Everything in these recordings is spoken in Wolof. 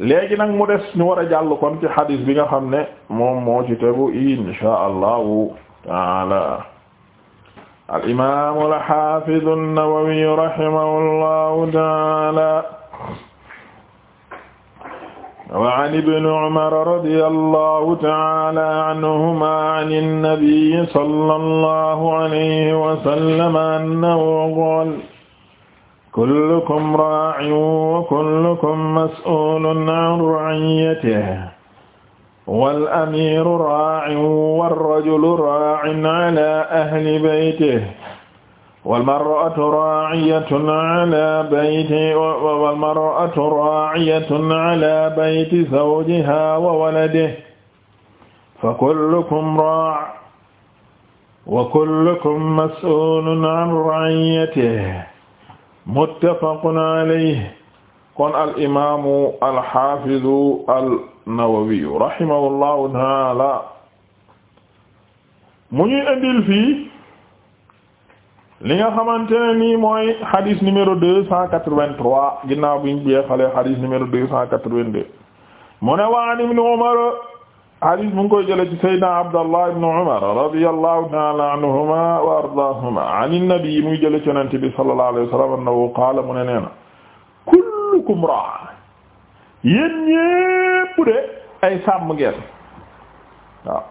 léegi nag mu des ñu war a jàll kon ci xadis bi nga xam ne moom moo ci tegu insha allahu taala al imam al hafiz an-Nawawi rahimahullahu taala wa an ibn Umar radiyallahu taala anhuma an an-nabi sallallahu alayhi wa sallam annahu qala kullukum raa'in wa kullukum mas'uulun 'an ra'iyyatihi wal amiiru raa'in war rajulu raa'in 'alaa ahli baytihi wal mar'atu raa'iyatun 'alaa bayti wal mar'atu raa'iyatun 'alaa bayti zawjihaa wa waladihi fa kullukum raa'in wa kullukum mas'uulun 'an ra'iyyatihi muttafaqun alayhi kon al imaamu al xaafidu al nawawiyu rahimahullahu taala mu ñuy indil fii li nga xamante ne nii mooy xadis numéro deux cent quatre-vingt-trois ginnaaw bi ñu jeexalee xadis numéro deux cent quatre-vingt-deux mu ne wa an ibn Umar hadis mu ngi koy jëlee ci sayyidina Abdallah ibn Umar radiyallahu ta'ala anhuma wa an nabi muy jëlee ci Yonent bi sallallahu mu ne nee na kullukum raa yéen de ay sàmm ngeen waaw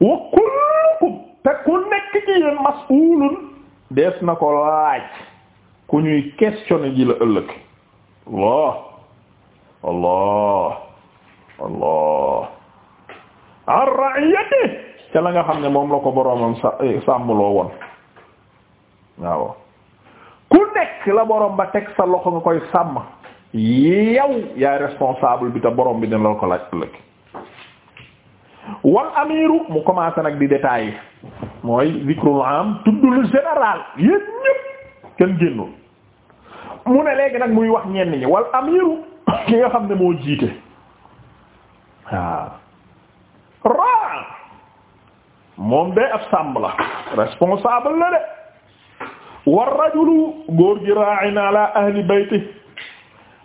wa kullukum te ku nekk ci yéen na ko laaj ku ñuy questionner ji la ëllëg Allah Allah allah an ra'iyati la nga xam ne moom la ko boroomam eh, sàmmloo woon waaw ku nekk la borom ba teg sa loxo nga koy sàmm yow yaay responsable bi te borom bi dina la ko laaj ëllëg wal amiru mu commencé nag di détailler mooy zikrul am tudd lu général yéen ñëpp kenn génnul mu ne léegi nag muy wax ñenn ñi wal amiru ki nga xam ne moo jiite waaw raa moom de ab sàmm la responsable la de war rajulu góor gi ra'in ala ahli bayti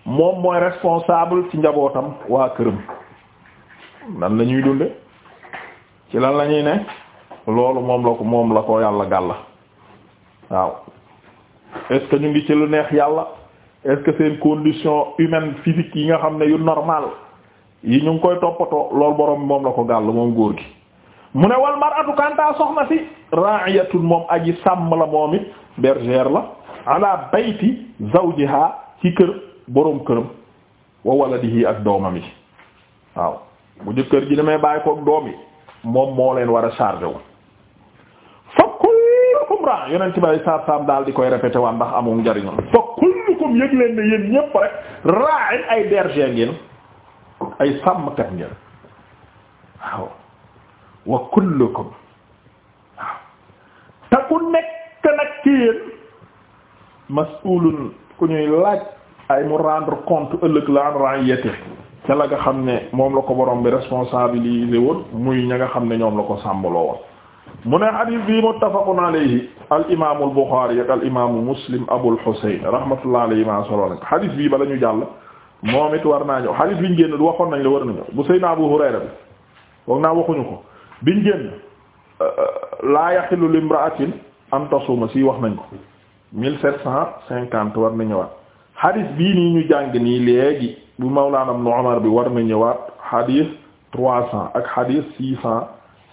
moom mooy responsable ci njabootam waa këram nan la ñuy dunde ci lan la ñuy ne loolu moom la ko moom la ko yàlla gàlla waaw est-ce que ñu ngi ci lu neex yàlla est-ce que seen condition humaine physique yi nga xam ne yu normal yi ñu ngi koy toppatoo loolu borom moom la ko gàll moom góor gi mu ne wal mar'atu kantaa soxna si ra'iyatun moom aji sàmm la moom it bergère la ala bayti zawjiha ci kër borom këram wa waladihi ak doomam yi waaw bu jëkkër ji damay bàyyi koog doom yi moom moo leen war a chargé wu fa kullukum ra yonent bay saab saab daal di koy répété waan ndax amul njariñu fa kullukum yëg leen ne yéen ñépp rek raa'in ay bergère ngeen ay sàmmkat ngeen waaw wa kullukum waaw te ku nekk nag ci yéen mas'ulun ku ñuy laaj ay mu rendre compte ëllëg la an ra'iyati ca la nga xam ne moom la ko borom bi responsabilisé woon muy ña nga xam ne ñoom la ko sàmbaloo woon mu ne xadis bi muttafaqun alayhi al imaamu al Buxaari ak al imaamu Muslim Abul Husayn rahmatullahi alayhi ma solo nag xadis bii bala ñu jàll moom it war naa ñëw bi ñu génn du waxoon nañ la war nañu bu Seydina Abu Hurayra bi foog naa waxuñu ko biñ génn euh, laa yaxilu limra'atin an tasuma si wax nañ ko mille sept cent cinquante war na ñëwaat xadiis bi nii ñu jàng nii léegi bu Mawlaana Ibn Umar bi war na ñëwaat xadiis trois cent ak xadiis six cent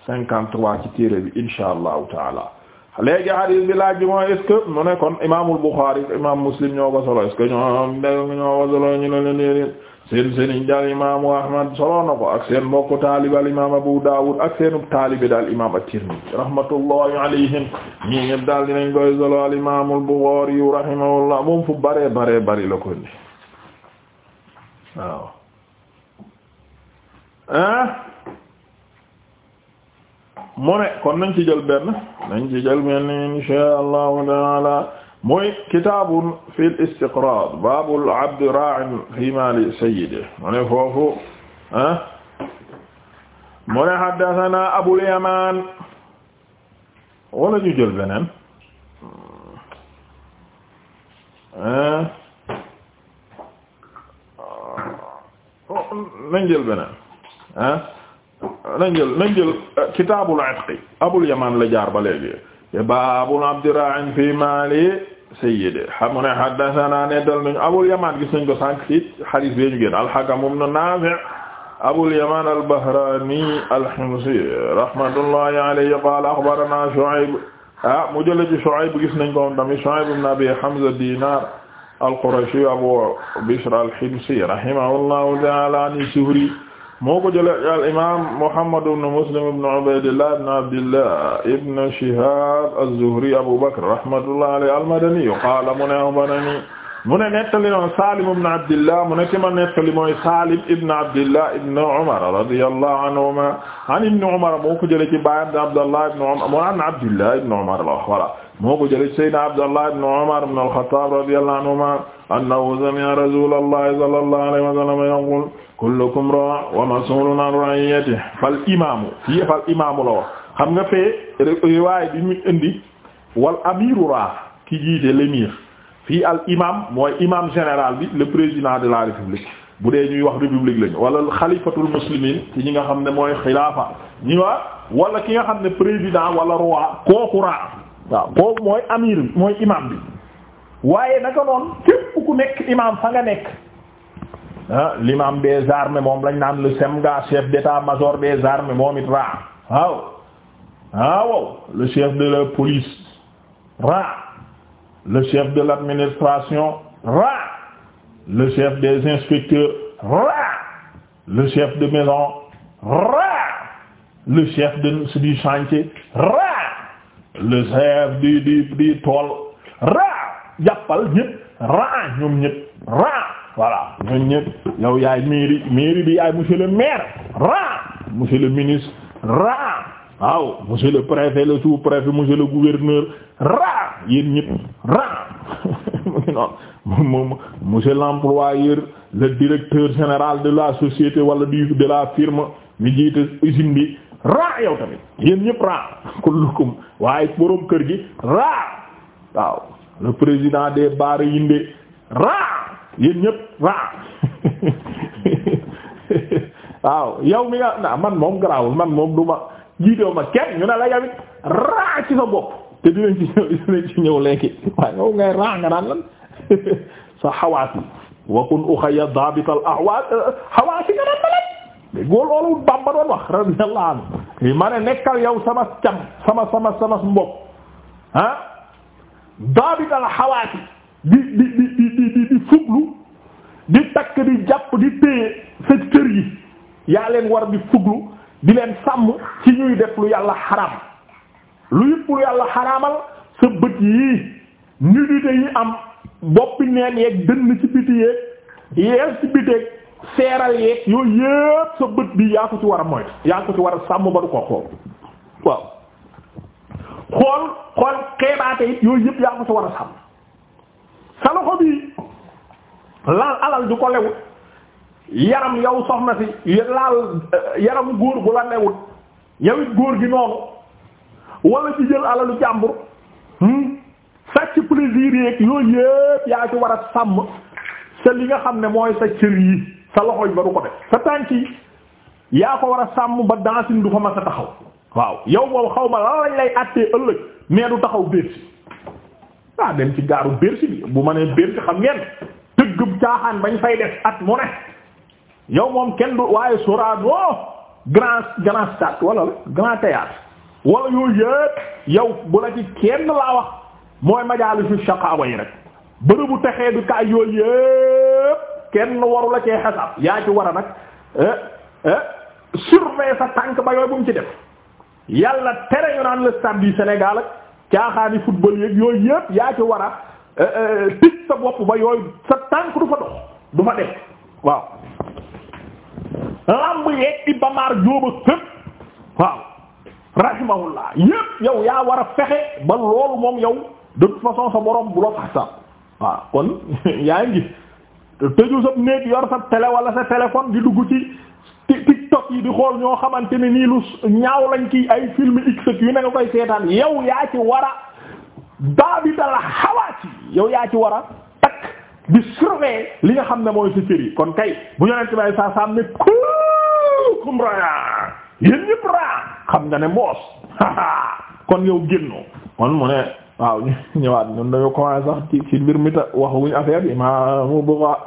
cinquante trois ci téere bi insha allahu taala léegi hadis bi laaj bi mooy est-ce que mu ne kon imaamul Buxaari imaam Muslim ñoo ko solo est-ce que ñoom ñoo ko solo ñu ne leen yéen seen sëriñ daal imaamu Ahmad solo na ko ak seen mbokku taalibe al imaam Abu Daawud ak seenu taalibe daal imaam at-Tirmidhi rahmatullahi alayhim ñii ñëpp daal dinañ koy solo al imaamul Buxaari rahimahullah moom fu bare bare bari la ko ni waaw. mu ne kon nañ ci jël benn nañ ci jël benn insha allahu taala mooy kitaabun fi l istiqraad baabul abdi raa'in fi maali sayyidihi mu ne foofu ah mu ne haddasanaa abul yamaan wala ñu jël beneen ah, nañ jël beneen ah nañ jël nañ jël euh, kitaabul itqi abul yaman la jaar ba léegi baabul abdira'in fi maali sayyidi xamu ne haddathana nettal nañu abul yaman gis nañ ko sànq ci hadith bi ñu génn al-hakam ibn nafi' abul yaman al-bahrani al-himsi rahmatullahi alayhi qala akhbarana shu'ayb ah mu jële ci shu'ayb gis nañ ko tamit shu'ayb ibn abi hamza dinar al-qurashi abu bishr al-himsi rahimahullahu ta'ala an zuhri moo ko jële al imam Muhammad ibn Muslim ibn Ubaydillah ibn Abdillah ibn Shihab az-Zuhri Abu Bakr rahmatullahi alayhi al-Madani qaala mu ne axbarani mu ne nettali noon Salim ibn Abdillah mu ne ki ma nettali mooy Salim ibn Abdillah ibn Umar radiyallahu anhuma an ibn Umar moo ko jële ci baayam Abdallah ibn Umar mu an Abdillah ibn Umar la voilà moo ko jëlee sayyidina Abdallah ibn Umar ibn al-Khattab radiyallahu anhuma annahu sami'a rasulallahi sallallahu alayhi wa sallam yaqul wa mas'ulun an ra'iyyatihi fal imaamu fii fal imaamu la wax xam nga fee riwaay bi mu indi wal amiru ra' ki jiite l'émir fii al imam mooy imam général bi le président de la république bu dee ñuy wax république lañu wala xalifatul muslimin ci ñi nga xam ne mooy xilaafa ñi waa wala ki nga xam ne président wala roi kooku ra' waaw boobu mooy amir bi mooy imam bi waaye naka noonu képp ku nekk imam fa nga nekk ah l'imam des armées moom lañ naan le semga chef d'état-major des armées moom it ra waaw waaw le chef de la police ra le chef de l'administration ra le chef des inspecteurs ra le chef de maison ra le chef de du ra le chef di di di tool raa jàppal ñëpp raa ñoom ñëpp raa voilà ñoom ñëpp yow yaay mairie mairie monsieur le maire raa monsieur le ministre raa waaw monsieur le préfet le sous-préfet monsieur le gouverneur raa yéen ñëpp raa mu ngi noonu moom monsieur l'employeur le directeur général de la société wala du de la firme mi jiite usine bi raa yow tamit yéen ñëpp raa kullukum waaye borom kër gi raa waaw le président de baar yinde raa yéen ñëpp raa waaw yow mi nga na man moom garaawul man moom du ma jiitewu ma kenn ñu ne la yawit raa ci sa bopp te dinañ ci ñëw dinañ ci waaye ngay raa nga naan lan sa xawaas yi wa kun uxaya dabital ahwa euh, nga naan déggoo loolu Bamba doon wax radiyallahu ma ne nekkal yow sama cam sama sama sama mbokk ah daabit al xawaati di di di di di fuglu di takk di jàpp di téye sa kër yi yaa leen war di fuglu di leen sàmm ci ñuy def lu yàlla xaram lu yëpp lu yàlla xaraamal sa bët yii nudité yi am boppi neen yeeg dënn ci biti yeeg yees ci biteeg seeral yeeg yooyu yépp sa bët bi yaa ko ci war a moytu yaa ko ci war a sàmm ba du ko xool waaw xool xool xeebaate it yooyu yépp yaa ko war a sàmm sa loxo bi alal du ko lewut yow soxna si laal eh, góor bu la it góor gi noonu wala ci jël alalu jàmbur hmm, sàcc plaisir yeeg yooyu yépp yaa ci war a sàmm sa li nga xam ne mooy sa cër yi sa loxo ba du ko def sa tànk yi yaa ko war a sàmm ba dansin du fa ma sa taxaw waaw yow boobu xaw ma lan lañ lay àttee ëllëg mais du taxaw Bercy ah dem ci gaaru Bercy bi bu ma nee Bercy xam ngeen tëggub caaxaan bañ fay def at mu ne yow moom kenn du waaye Sorano grand grand stade wala grand théâtre wala yooyu yëpp yow bu la ci kenn laa wax mooy majaalisu shaqaawa yi rek bërëbu texee du kaay yooyu yëpp kenn waru la cee yaa ci war a nag eh, eh, surveiller sa tànk ba yooyu bu mu ci def yàlla tere ñu naan le stade du Sénégal ak caaxaani football yeeg yaa ci wara a eh, tij sa bopp ba yooyu sa tànk du fa dox du fa def waaw lamb yeeg Iba Mar Diop ak waaw rahimahullah yëpp yow yaa war a fexe ba loolu moom yow de façon sa borom bu la xasab waaw kon yaa ngi tëju sa néeg yor sa télé wala sa téléphone di dugg ci tiktok yi di xool ñoo xamante ne nii lu ñaaw lañ kii ay film x yu ne nga koy seetaan yow yaa ci war a daabital xawaati yow yaa ci war a takk di surveiller li nga xam ne mooy sa cër yi kon kay bu ñu leen bay saa saam ne kuukum raya yéen ñëpp ra xam nga ne moos kon yow génnoo kon mu ne waaw ñu ñëwaat ñun dañoo commencé sax ci ci mbir mi ta wax wuñ affaire bi imaamu Buxaari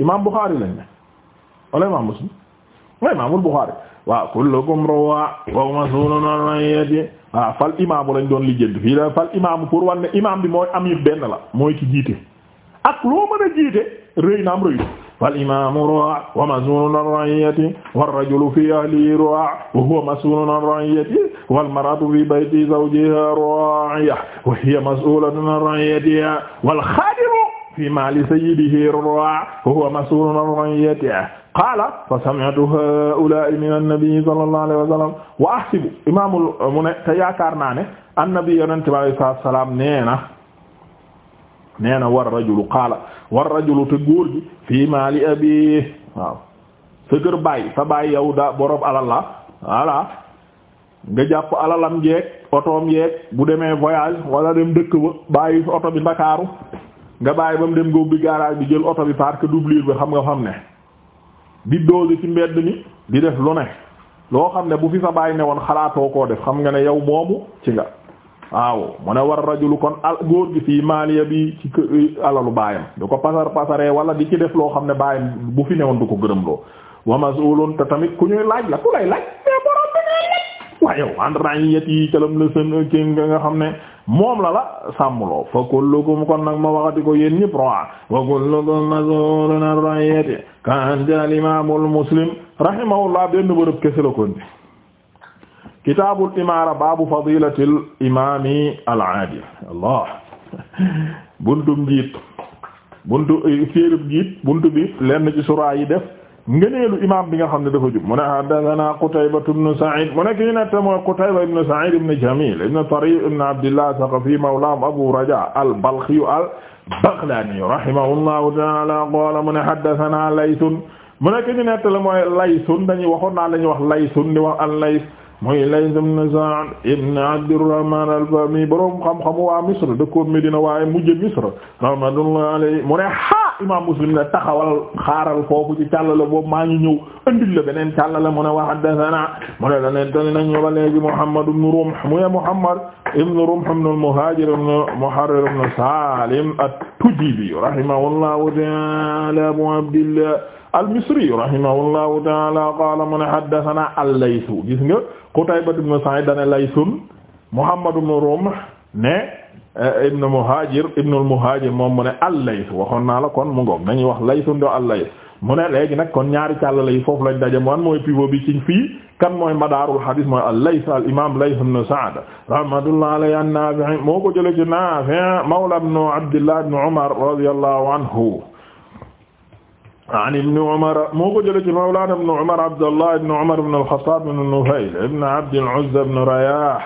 imaam Buxaari lañ ne wala imaam Muslim wa imaamul Buxaari waaw kullukum rawa wa mas'ulun an ra'iyyati waaw fal imaamu lañ doon lijjanti fii la fal imaamu pour wan ne imaam bi mooy amir benn la mooy ci jiite ak loo mën jiite rëy na am walimamu roa wa masulun an raiyati warajulu fi ahlihi roa wa huwa masulun an raiyati walmaratu fi bayti zawjiha roiya wa hiya masulatun an raiyatiha walxadimu fi mali sayyidihi roa wa huwa masulun an raiyatiha qaala fa sami'tu haa'ulaa'i mina nabiyyi sallallahu alayhi wa sallam wa ahsibu imaamul mu ne te yaakaar naa ne annabi yonente bi alayhi salaatu wa salaam nee na nee na war rajulu xaala war rajulu te góor gi fii maali abi waaw sa kër bàyyi sa bàyyi yow da borom alal la voilà nga jàpp alalam jeeg otoom yeeg bu demee voyage wala dem dëkk ba bàyyi oto bi ndakaaru nga bàyyi ba mu dem góob bi garage bi jël oto bi parce que bi xam nga xam ne doo doose ci mbedd mi di def lu ne loo xam ne bu fi sa bàyyi ne woon xalaatoo koo def xam nga ne yow moomu ci nga waaw mu ne war rajulu kon al góor gi fii maaliya bi ci eh, alalu baayam du ko pasar pasaree wala di ci def loo xam ne baayam bu fi newoon du ko gërëm loo wa mas'ulun te ku laaj la ku lay yow an ra'iyati yi calam la seen ki nga xam ne moom la la sàmmloo fa kullukum kon nag ma waxati ko yéen ñëpp roi wa kullukum mas'ulun an ra'iyati kan al imam muslim rahimahullah benn bërëb kese la ko kitaabul imaara baabu fadilatil imaami al-aadil allah buntu njiit buntu séerib eh, njiit buntu bi lenn ci suraa yi def ngëneelu imaam bi nga xam ne dafa jub mu ne haddasanaa Qutaybatu ibnu Sa'iid mu ne ki ñu nette mooy Qutayba ibnu Sa'iid ibnu Jamiil ibnu Tariif ibnu Abdillah Saqafi mawlaahum Abu Rajaa al-Balkhi al-Baghlaani rahimahullahu ta'aalaa qaala mu ne haddasanaa Laysun mu ne ki ñu nette mooy Laysun dañuy waxoon naa la ñuy wax Laysun di wax al-Lays muy Layth ibn Sa'd ibn Abdurrahman al-Fahmi borom xam-xamu waa Misr dëkkoon Medina waaye mujj Misr rahmatullahi alayhi mu ne ha imaam Muslim ne taxawal xaaral foofu ci càllale boobu maa ngi ñëw andil la beneen càllale mu ne wa haddathana mu ne la ne tani nañu ba léegi Muhammad ibn Rumh mu ne Muhammad ibn Rumh ibn al-Muhajir ibn Muharrir ibn Salim at-Tujibi rahimahullahu ta'ala Abu Abdillah al-Misri rahimahullahu ta'ala qaala mu ne haddathana al-Laythu gis nga Qutayba ibn Sa'id dana Laythun Muhammad ibn Rumh ne eh, ibn Muhajir ibn muhajir moom mu ne al-Layth waxoon naa la kon mu ngoog dañuy wax Laythun do al-Layth mu ne léegi nag kon ñaari càllale yi foofu lañ daje wan mooy pivot bi ci fii kan mooy madaarul hadis mooy al imam Layth ibn Sa'd rahmatullah alayhi an-Nafi' moo ko jëlee ci mawla ibn Abdillah ibn Umar radiyallahu anhu an ibni Umar moo ko jëlee ci mawlaana ibni Umar Abdallah ibni Umar ibni al-Khattaab ibni Nufayl ibni Abdi al-Uzza ibni Riyaah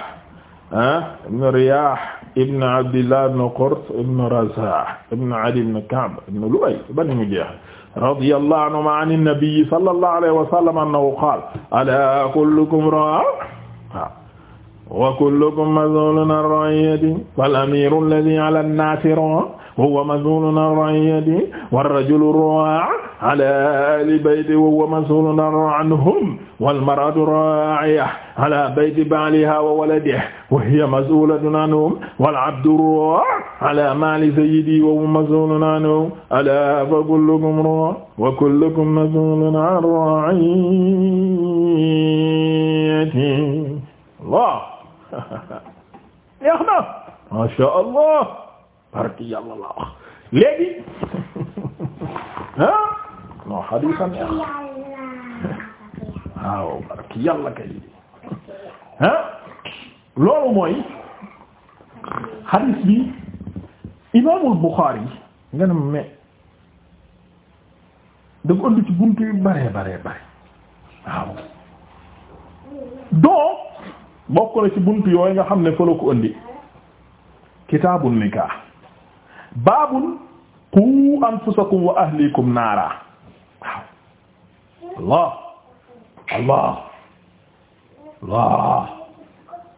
ah ibni Riyaah ibni Abdillah ibni Qurt ibni Razaah ibni Adiy ibni Ka'b ibni Lu'ay ba ni mu jeex radiyallahu anhumaa an an-nabiyyi sallallahu alayhi wa sallam annahu qaala alaa kullukum raa'in wa kullukum mas'uulun an ra'iyyatihi fal amiiru alladhii 'alaa an-naasi raa'in wa huwa mas'ulun an ra'iyyatihi war rajulu ra'a ala ahli bayti wa huwa mas'ulun anhum wal mar'atu ra'iya ala bayti ba'liha wa waladihi wa hiya mas'ulatun anhum wal 'abdu ra'a ala mali sayyidihi wa huwa mas'ulun anhu ala fa kullukum ra'a wa kullukum mas'ulun an ra'iyyatihi Allah, yaa masha Allah barki yàlla laa wax léegi ah non xadiisa waaw barki yàlla kay ah loolu mooy xadiis bi imaamul Buxaari nga ne ma da ko ënd ci buntu yu bare bare bare waaw doo bokk na ci bunt yooyu nga xam ne fa la ko ëndi baabul qu anfusakum wa ahlikum naara waaw allah allah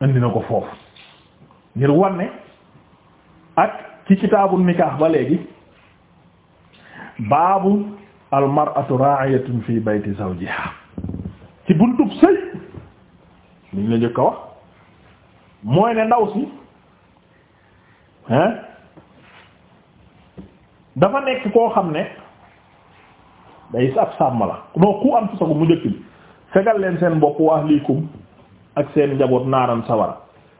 indi na ko foofu ngir wanne ak ci kitaabul nikah ba léegi baabu al mar'atu fi bayti zawjiha ci buntub sëy liñ la jëkk a wax mooy ne ndaw si hein dafa nekk koo xam ne day ab sàmm la non ku am ci mu njëkk fegal leen seen bopp wa ahlikum ak seen njaboot naaran sawara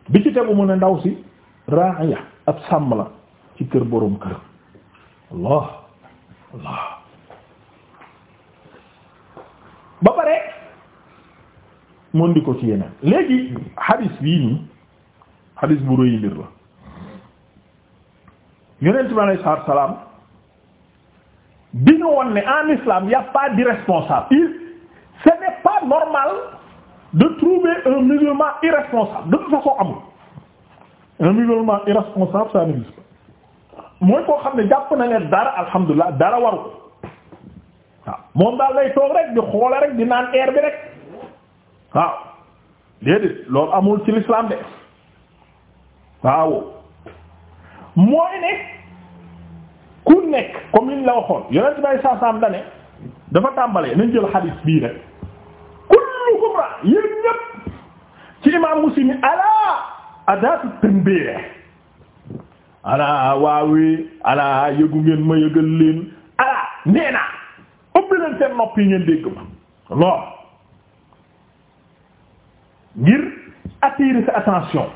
bi ci tegu mu ne ndaw si raaya ab sàmm la ci kër boroom kër allah allah ba pare mën di ko ci yeneen léegi hadis bii nii hadis bu rëy mbir la yonent bi alayhi salaam bi ñu woon ne en islam y a pas d'irresponsable il ce n'est pas normal de trouver un musulman irresponsable de toute façon amul un musulman irresponsable ça n'existe pas mooy koo xam ne jàpp na ne dara alhamdulilah dara waru ko waaw moom daal lay toog rek di xoole rek di naan air bi rek waaw déedéet loolu amul ci l'islam de waaw mooy ne ku nekk comme liñ la waxoon yonent bay saasaam dane dafa tàmbalee nañ jël xadiis bii rek kullukum ra yéen ñépp ci imaam muslim alaa adaatu tanbih alaa waawee alaa yëgu ngeen ma yëgal leen alaa nee naa leen seen nopp yi ngeen dégg ma lool ngir attirer sa attention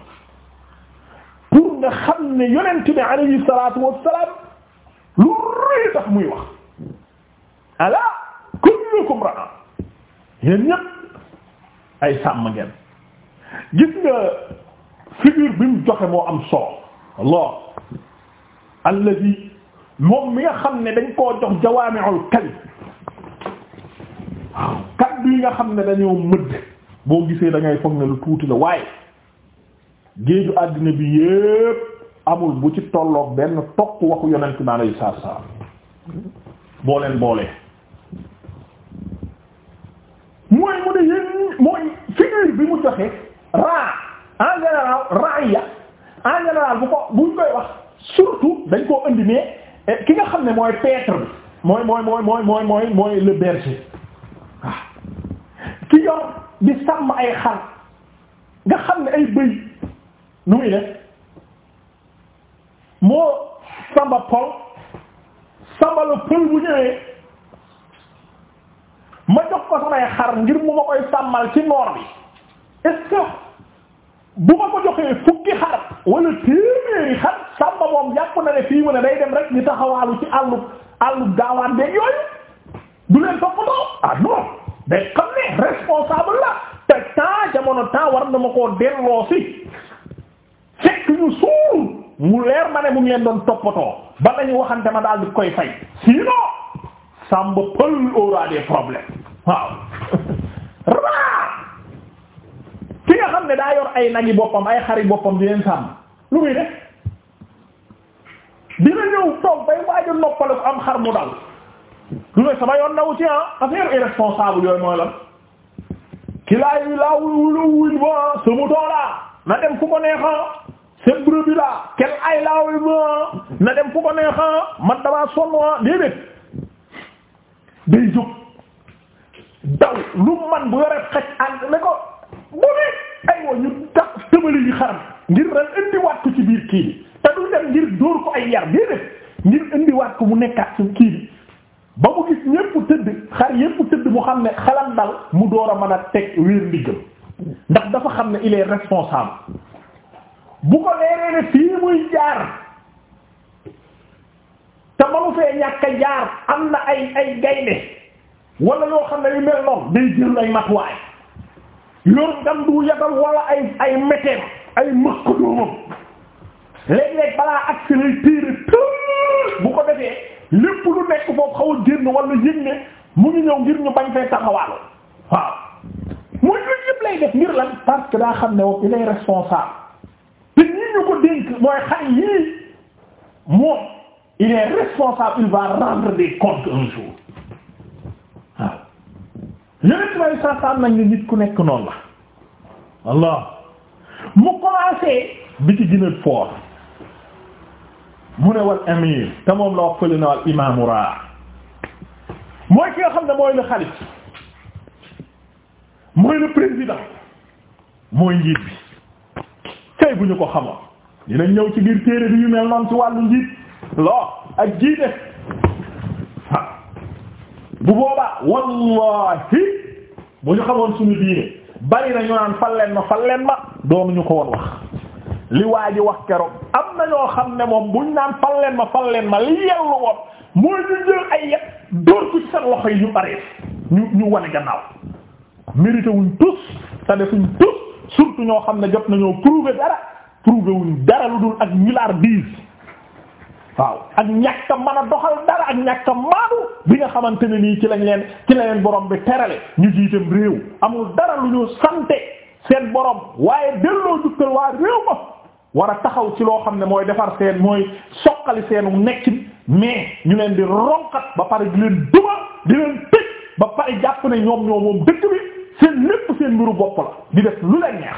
pour nga xam ne yonent bi alayhi salaatu wassalaam lu rëy muy wax ala kullukum ra'a yéen ñépp ay sàmm ngeen gis nga figure bi mu joxe moo am soow Allah alladhi moom mi nga xam ne dañ koo jox jawaami'ul kalim waaw yi nga xam ne dañoo mëdd boo gisee dangay ngay foog ne lu tuuti la waaye géeju àddina bi yépp amul bu ci tolloog benn topp waxu yonent bi alayhi salaatu wa salaam boo boolee mooy mu ne yéen mooy figure bi mu joxe raa en général raaya en général bu ko buñ koy wax surtout dañ koo indi eh, ki nga xam ne mooy pêtre bi mooy mooy mooy mooy mooy mooy le berger ah. ki yor di sàmm ay xar nga xam ne ay bëy nu muy def moo samba pol samba la pël bu ñëwee ma jox ko samay xar ngir mu ma koy sàmmal ci noor bi est-ce que ko joxee fukki xar wala téeméeri xar samba moom jàpp na ne fii mu ne day dem rek di taxawaalu ci àllu àllu gaawaan beeg yooyu du leen toppatoo ah non day xam ne responsable la te temps jamono temps war na ma koo delloo fekk ñu suur mu leer ma ne mu ngi doon toppatoo ba lañu waxante ma daal di koy fay sinon Samba Pël aura des problèmes waaw raa ki nga xam ne daa yor ay nagi boppam ay xari boppam di leen sàmm lu muy def dina ñëw toog bay waaju noppale ko am xar mu dal lu ne sama yoon nawu ci ah affaire irresponsable yooyu mooy lan ki laay laa wul wul wul ba sama toolaa na dem fu ko neexa seen bërëb bi laa kenn ay laa way na dem fu ko neexaa ah, man damaa sonn waa ah, déedéet day jóg daw lu man bu yore xaj ànd ne bu ne ay waa ñu tax tëbali yi xaram ngir ren indiwaat ko ci biir kii bi te du dem ngir dóor ko ay yar déedéet ngir indiwaat ko mu nekkaat ci kii bi ba mu gis ñépp tëdd xar yépp tëdd mu xam ne xalam dal mu door a mën a teg wéer ndigal ndax dafa xam ne il responsable bu ko leeree ne fii muy jaar te manu fee ñàkk a jaar am na ay ay gaynde walla yoo xam ne yu mel noonu day jël ay matuwaay yor ngam du yabal wala ay ay météo ay mëkkadoomam léeg-léeg balaa ak si lay téere tër bu ko defee lépp lu nekk foofu xaw a génn wala ne mu ngi ñëw ngir ñu bañ fee taxawaalo waaw mooy lu yëpp lay def ngir lan parce que daa xam ne woon il est responsable te ñii ñu ko dénk mooy xale yii moom il est responsable il va rendre des comptes un jour waaw yeneen may sasam nañ ne nit ku nekk noonu la Allah mu commencé bi ci gën a mu ne wal amir te moom la wax fële na wal imaamu raa mooy ki nga xam ne mooy le xalif mooy le président mooy njiit bi ay bu ñu ko xamoon dinañ ñëw ci biir téere bi ñu mel noonu ci wàllu njiit loo ak jiite bu boobaa wallahi bu ñu xamoon suñu diine bari na ñu naan fal leen ma fal leen ma doonuñu ko woon wax li waa ji wax keroog am na ñoo xam ne moom buñ naan fal leen ma fal leen ma li yellu woon mooy ñu jël ay yet ci seen loxo yi ñu arrêté ñu ñu wane gannaaw mérité wuñ te defuñ tous surtout ñoo xam ne jot nañoo prouver dara trouvé wuñ dara lu dul ak milliardise waaw ak ñàkk a mën a doxal dara ak ñàkk maanu bi nga xamante ne nii ci lañ leen ci la leen borom bi terale ñu jiitam réew amul dara lu ñu sante seen borom waaye delloo jukkal waa réew ma war a taxaw ci loo xam ne mooy defar seen mooy soqali seenu nekk mais ñu leen di ronkat ba pare di leen duma di leen tëj ba pare jàpp ne ñoom ñoo moom dëkk bi seen lépp seen mbiru bopp la di def lu leen neex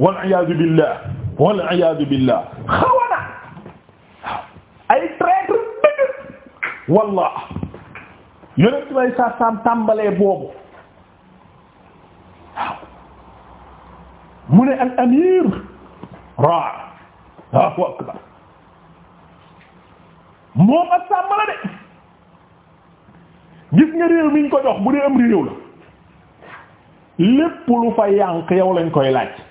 wal iyaadu billah wal iyaadu billah xawana ay traître dëgg wallah boobu waaw mu ne al amir ra Allahu akbar moom ak sàmm la de gis nga réew ko jox bu dee am réew la lépp lu fa yànq yow lañ koy laaj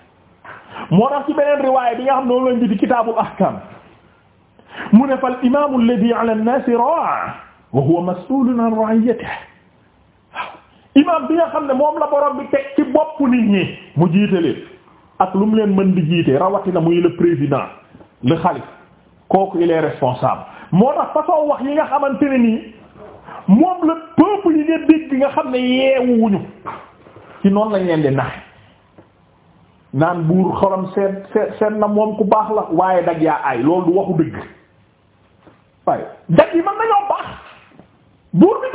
moo tax ci beneen riwaaya bi nga xam noonu lañ bi di kitaabul ahkaam mu ne fal imaamu alladhi ala an-naasi raa' wa huwa mas'uulun an ra'iyyatihi imaam bi nga xam ne moom la borom bi teg ci bopp nit ñi mu jiite leen ak lu mu leen mën di jiite rawatina muy le président le khalife kooku il est responsable moo tax façon wax yi nga xamante ne moom la peuple yi nga dégg nga xam ne yeewuwuñu ci noonu lañ leen di naxe naan buur xolam seet seet seet na moom ku baax la waaye dag yaa aay loolu du waxu dëgg waaye dag yi mën nañoo baax buur bi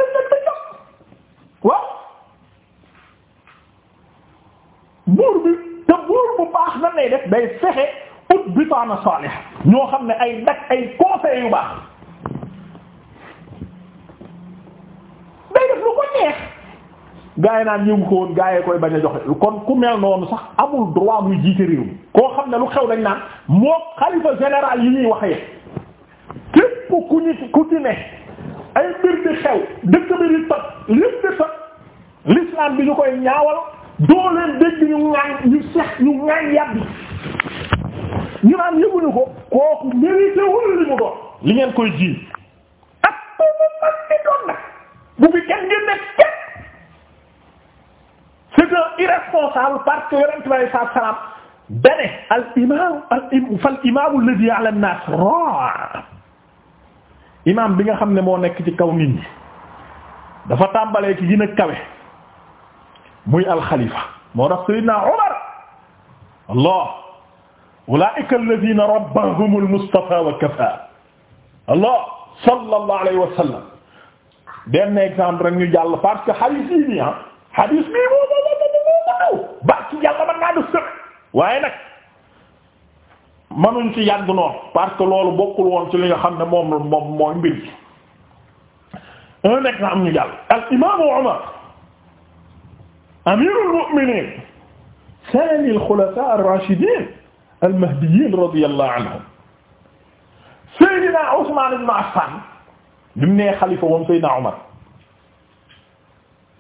te buur bu baax nan lay def day fexe ut bitaana saalih ñoo xam ne ay dag ay conseil yu baax day def lu ko neex gaa yi naan yëngu ko woon gaa yee koy bañ a joxe kon ku mel noonu sax amul droit muy jiite réew mi koo xam ne lu xew dañ naan moo xalifa général yi ñuy wax ye képp ku ñu ku ci ne ay mbir xew dëkk bi di toj lépp bi ñu koy ñaawal doo leen ñu ŋaañ ñu sex ñu ŋaañ yàbbi ñu naan yëguñu ko kooku mérité wul li mu doon li ngeen koy ji ak ko man di doon nag bu kenn ngeen c'est un irresponsable parce que yonent bi alayhi salaatu salaam bene al imaam al im fal imaamu alladhi ala an-naas ra imaam bi nga xam ne moo nekk ci kaw nit ñi dafa tàmbalee ci gën a kawe muy alxalifa moo tax sayyidina Umar allah ulaa'ika alladhiina rabbahum al-Mustafa wa kafaa allah sallallahu alayhi wa sallam benn exemple rek ñu jàll parce que hadith yi nii ah, hadis bii moom moom moom moom moom moom ba ci yàlla mën naa def sëb waaye nag manuñ ci yàgg noonu parce que loolu bokkul woon ci li nga xam ne moom moom mooy mbir ci un exemple ñu jàll al imaamu Umar amirul mu'minin thani al khulafa ar rashidin al mahdiyyin radiyallahu anhum sayyidina Usman ibn Affan bi mu nee xalifa woon sayyidina Umar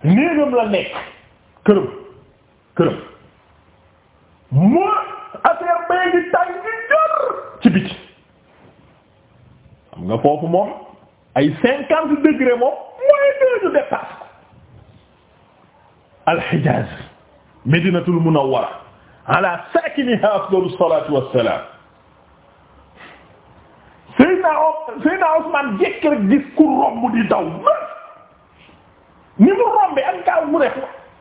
néegam la nekk këram këram mu affaire bay di tàng di jor ci biti xam nga foofu moom ay cinquante degré moom mooy deux ñu dépasse ko al-Hijaz Madinatul Munawwara ala sakiniha afdalu salatu wassalam Seydina Seydina Ousmane jekk rek gis ku romb di daw ni mu rombe ak gaaw mu def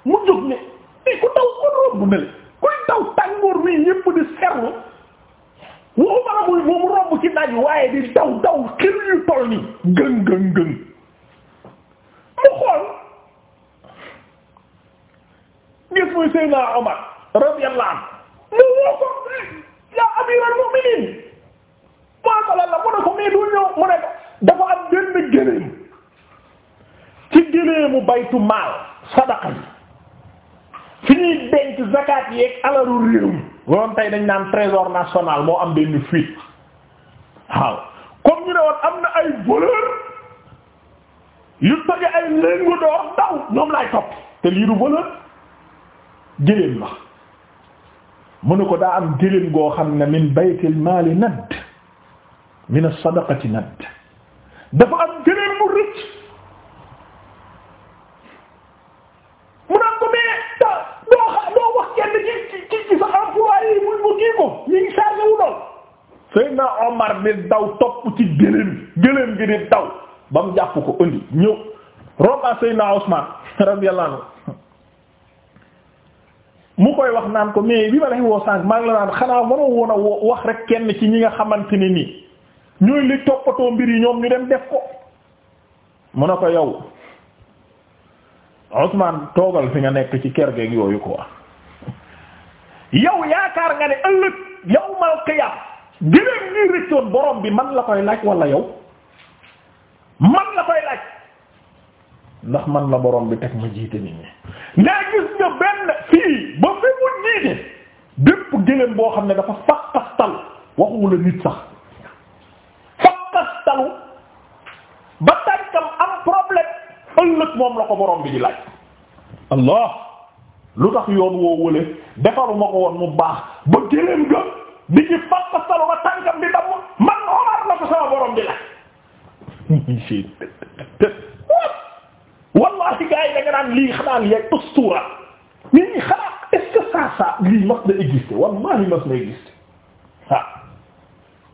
mu jóg ne i eh, ku taw kon romb na le lañ naan trésor national moo am benn fuite waaw comme ñu ne woon am na ay voleur yu toje ay lingots d'or daw ñoom laay topp te lii du voleur gëléem la mu ne ko daa am gëléem goo xam ne min baytil maali nadd min as-sadaqati Seydina Omar di daw topp ci gëléem gëléem gi di daw ba mu jàpp ko indi ñëw romba Seydina Usman radiyallahu anhu mu koy wax naan ko mais bi ma lay woo sànq maa ngi la naan xanaa waroo woon a wax rek kenn ci ñi nga xamante ni nii ñooy li toppatoo mbir yi ñoom ñu dem def ko mu ne ko yow Usman toogal fi nga nekk ci kër geeg yooyu quoi yow yaakaar nga ne ëllëg yawmal qiyaam gëléem ñuy rëccoon borom bi man la koy laaj walla yow man la koy laaj ndax man la borom bi teg ma jiite nit ñi ndaa gis nga benn fii ba fi mu jiite bépp gëléem boo xam ne dafa fakkastalu waxu la nit sax fakkastalu ba tànkam am problème ëllëg moom la ko borom bi di laaj allah lu tax yoon woo wële defaru ko woon mu baax ba gëléem ga di ci fàq salo ba tànkam man Omar la ko sama borom di la. wallahi gars yi da nga naan lii xanaa lii ay ustura nit ñi xanaa est-ce que ça ça lii mas na exister wallahi mas na exister ah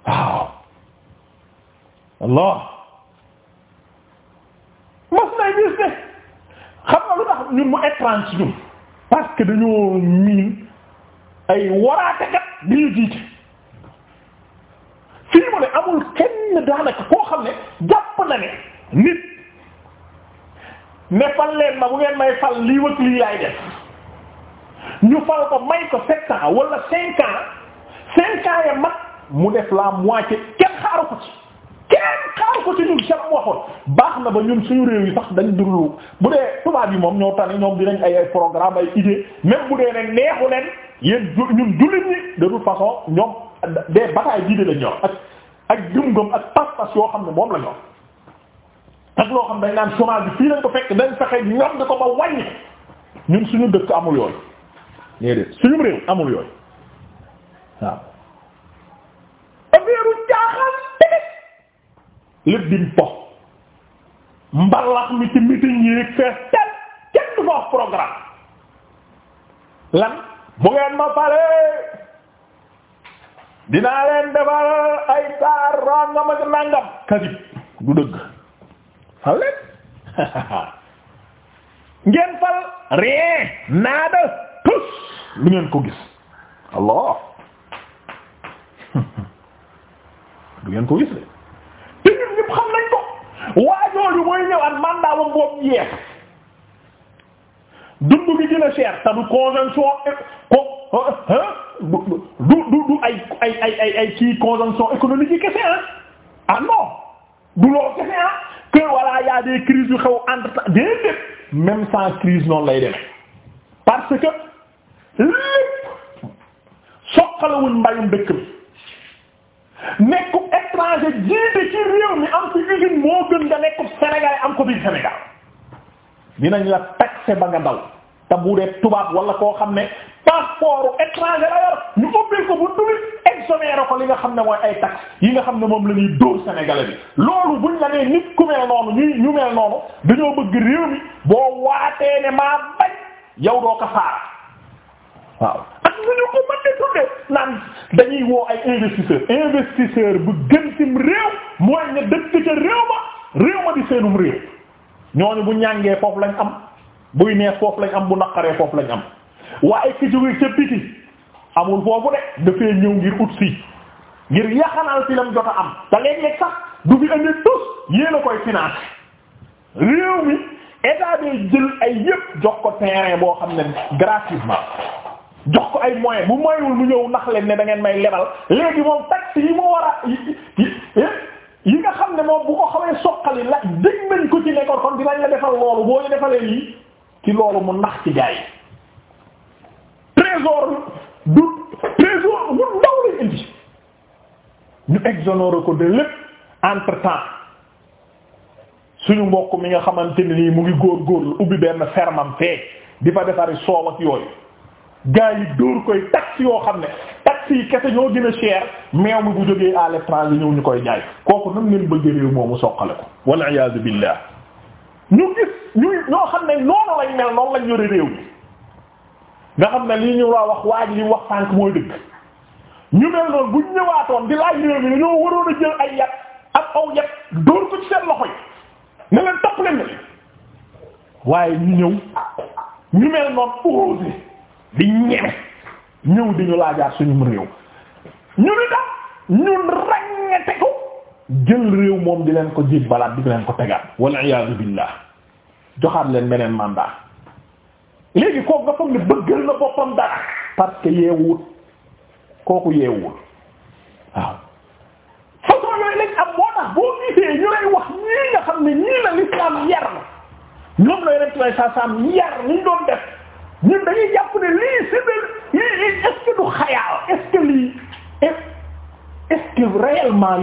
waaw Allah mas na exister xam nga lu tax ñun mu étrange ñun parce que dañoo miin ay bi ñu jiite fii mu ne amul kenn daanaka koo xam ne jàpp na ne nit ne fal leen ma bu ngeen may fal lii wëkk lii laay def ñu fal ko may ko sept ans wala cinq ans cinq ya mag mu def la moitié kenn xaaru ko ci kenn xaaru ko ci ñun seen waxoon baax na ba ñun suñu réew yi sax dañ durlu bu dee tubaab yi moom ñoo tane ñoom dinañ ay ay programme ay idée même bu dee ne neexu leen yéen ñun jullit ñi de toute façon ñoom des batailles diine la ñor ak ak gëm-gëm ak pas-pas yoo xam ne moom la ñor ak loo xam dañ naan chômage bi fii lañ ko fekk dañ fexe ñor di ko ba wàññi ñun suñu dëkk amul yooyu déedéet suñu réew amul yooyu waaw. affaire jaaxal tëj. lépp di mpo. mbalax mi ci meeting yi fees tel kenn du ma wax programme lan. bu ngeen ma pare dinaa leen defal ay taar rangam ak nangam kadib du dëgg fal ngeen fal rien nada tous lu ngeen ko gis Allah du ngeen ko gis de te ñun ñëpp xam nañ ko waajooju mooy ñëwaat mandat wam boobu jeex dund bi du conjonction ko euh, du du du ay ay ay ay conjonction économique yi kese ah ah du loo kese ah que voilà y a des crises yu xew entre déedéet même sans crise noonu lay deme parce que lépp soqalawuñ mbayum dëkk bi nekku étranger jiite ci réew mi am ci usine moo gën nga nekku Sénégal am ko biir Sénégal dinañ la accès ba nga ndaw te bu dee tubaab wala koo xam ne passeport étranger la ñu ubbil ko bu dul exonéré ko li nga xam ne mooy ay taxes yi nga xam ne moom lañuy ñuy dóor Sénégalais bi loolu buñ la nee nit ku mel noonu ñuy ñu mel noonu dañoo bëgg réew mi boo waatee ne maa bañ yow doo ko faara waaw ak ñu ñu ko mën di tudde naan dañuy woo ay investisseur investisseur bu gën sim réew mooy ne dëkk ca réew ma réew ma di seenum réew ñooñu bu ñàngee foofu lañ am buy neex foofu lañ am bu naqaree foofu lañ am waaye ki jóge ca biti amul foofu de dafay ñëw ngir ut si ngir yaxanal fi lam jot a am te léeg-léeg sax du fi indi tous yéen a koy financé réew mi état bi jël ay yépp jox ko terrain boo xam ne gratuitement jox ko ay moyens bu moyul mu ñëw nax leen ne da may lebal léegi moom taxe yi mu war a yi nga xam ne moom bu ko xawee soqali la dégg nañ ko ci nekkoon kon dinañ la defal loolu boo defalee lii ci loolu mu nax ci gaa yi trésor du trésor bu ndaw lay indi ñu ko de lépp entre temps suñu mbokk mi nga xamante ne nii mu ngi góor góorlu ubbi benn fermam fee di fa defari soow ak yooyu gaa yi dóor koy taxi yoo xam ne taxi yi kese ñoo gën a cher meew mi bu jógee à l'étranger ñëw ñu koy jaay kooku nan ngeen bëgg réew moomu soqale ko wal iyaadu billah ñu gis ñuy ñoo xam ne noonu lañ mel noonu lañ yore réew bi nga xam ne lii ñu la wax waa ji li wax sànk mooy dëgg ñu mel noonu buñ ñëwaatoon di laaj réew yi ne leen topp leen waaye ñu ñëw ñu mel noonu osé di ñeme ñëw di ñu laajaat suñu réew ñu ni tax ñun ràññete ko jël réew moom di leen ko jiit balaat di leen ko tegaat wal iyaadu billah joxaat leen beneen mandat léegi kooku nga foog ne bëggal na boppam dara parce que yeewut kooku yeewut waaw façon yooyu lañ am moo tax boo gisee ñu lay wax ñii nga xam ne ñii la l'islam yar na ñoom la yonent way sa sam ñu doon def ñun dañuy lii si biir lii est-ce que xayaal est-ce que lii